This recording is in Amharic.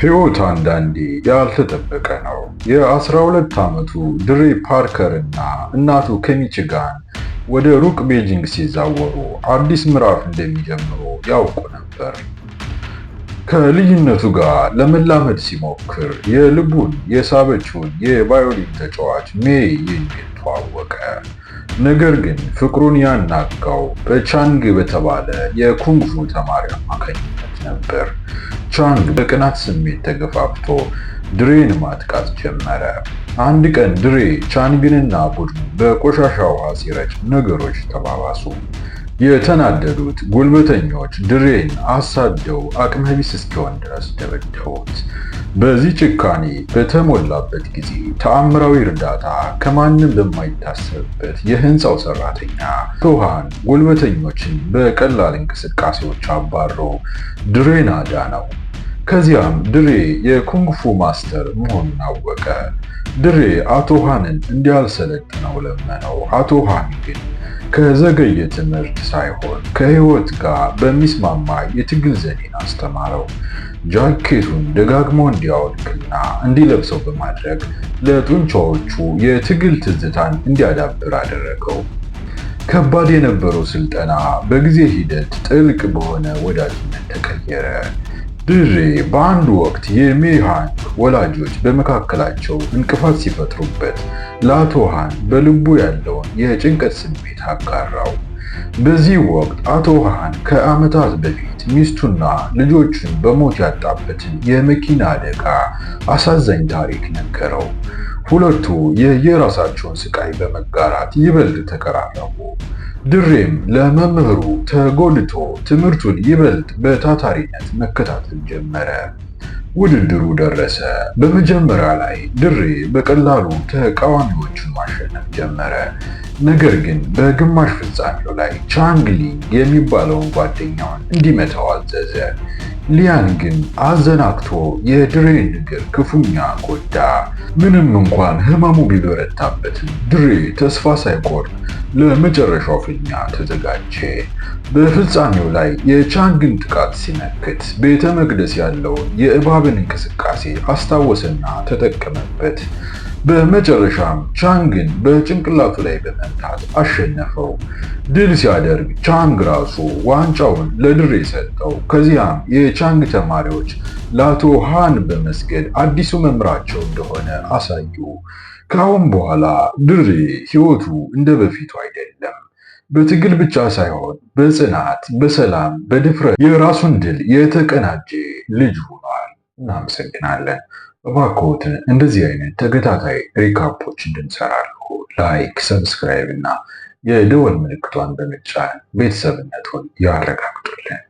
ሕይወት አንዳንዴ ያልተጠበቀ ነው። የ12 ዓመቱ ድሬ ፓርከር እና እናቱ ከሚችጋን ወደ ሩቅ ቤጂንግ ሲዛወሩ አዲስ ምዕራፍ እንደሚጀምሩ ያውቁ ነበር። ከልጅነቱ ጋር ለመላመድ ሲሞክር የልቡን የሳበችውን የቫዮሊን ተጫዋች ሜይ የሚል ተዋወቀ። ነገር ግን ፍቅሩን ያናጋው በቻንግ በተባለ የኩንግፉ ተማሪ አማካኝነት ነበር። ቻንግ በቅናት ስሜት ተገፋፍቶ ድሬን ማጥቃት ጀመረ። አንድ ቀን ድሬ ቻንግንና ቡድኑ በቆሻሻ ውሃ ሲረጭ ነገሮች ተባባሱ። የተናደዱት ጉልበተኞች ድሬን አሳደው አቅመቢስ እስኪሆን ድረስ ደበደቡት። በዚህ ጭካኔ በተሞላበት ጊዜ ተአምራዊ እርዳታ ከማንም በማይታሰብበት የህንፃው ሰራተኛ ቶሃን ጉልበተኞችን በቀላል እንቅስቃሴዎች አባሮ ድሬን አዳነው። ከዚያም ድሬ የኩንግፉ ማስተር መሆኑን አወቀ። ድሬ አቶ ሃንን እንዲያልሰለጥነው ለመነው። አቶ ሃን ግን ከዘገየ ትምህርት ሳይሆን ከህይወት ጋር በሚስማማ የትግል ዘዴን አስተማረው። ጃኬቱን ደጋግሞ እንዲያወልቅና እንዲለብሰው በማድረግ ለጡንቻዎቹ የትግል ትዝታን እንዲያዳብር አደረገው። ከባድ የነበረው ስልጠና በጊዜ ሂደት ጥልቅ በሆነ ወዳጅነት ተቀየረ። ድሬ በአንድ ወቅት የሚሃን ወላጆች በመካከላቸው እንቅፋት ሲፈጥሩበት ለአቶ ሃን በልቡ ያለውን የጭንቀት ስሜት አጋራው። በዚህ ወቅት አቶ ሃን ከዓመታት በፊት ሚስቱና ልጆቹን በሞት ያጣበትን የመኪና አደጋ አሳዛኝ ታሪክ ነገረው። ሁለቱ የየራሳቸውን ስቃይ በመጋራት ይበልጥ ተቀራረቡ። ድሬም ለመምህሩ ተጎልቶ ትምህርቱን ይበልጥ በታታሪነት መከታተል ጀመረ። ውድድሩ ደረሰ። በመጀመሪያ ላይ ድሬ በቀላሉ ተቃዋሚዎቹን ማሸነፍ ጀመረ። ነገር ግን በግማሽ ፍጻሜው ላይ ቻንግሊንግ የሚባለውን ጓደኛውን እንዲመታው አዘዘ። ሊያን ግን አዘናግቶ የድሬ እግር ክፉኛ ጎዳ። ምንም እንኳን ህመሙ ቢበረታበትም ድሬ ተስፋ ሳይቆርጥ ለመጨረሻው ፊኛ ተዘጋጀ። በፍጻሜው ላይ የቻንግን ጥቃት ሲመክት ቤተ መቅደስ ያለውን የእባብን እንቅስቃሴ አስታወሰና ተጠቀመበት። በመጨረሻም ቻንግን በጭንቅላቱ ላይ በመምታት አሸነፈው። ድል ሲያደርግ ቻንግ ራሱ ዋንጫውን ለድሬ ሰጠው። ከዚያም የቻንግ ተማሪዎች ለአቶ ሃን በመስገድ አዲሱ መምህራቸው እንደሆነ አሳዩ። ከአሁን በኋላ ድሬ ሕይወቱ እንደ በፊቱ አይደለም። በትግል ብቻ ሳይሆን በጽናት፣ በሰላም፣ በድፍረት የራሱን ድል የተቀናጀ ልጅ ሆኗል። እናመሰግናለን። እባክዎትን እንደዚህ አይነት ተከታታይ ሪካፖች እንድንሰራሉ ላይክ፣ ሰብስክራይብ እና የደወል ምልክቷን በመጫን ቤተሰብነቱን ያረጋግጡልን።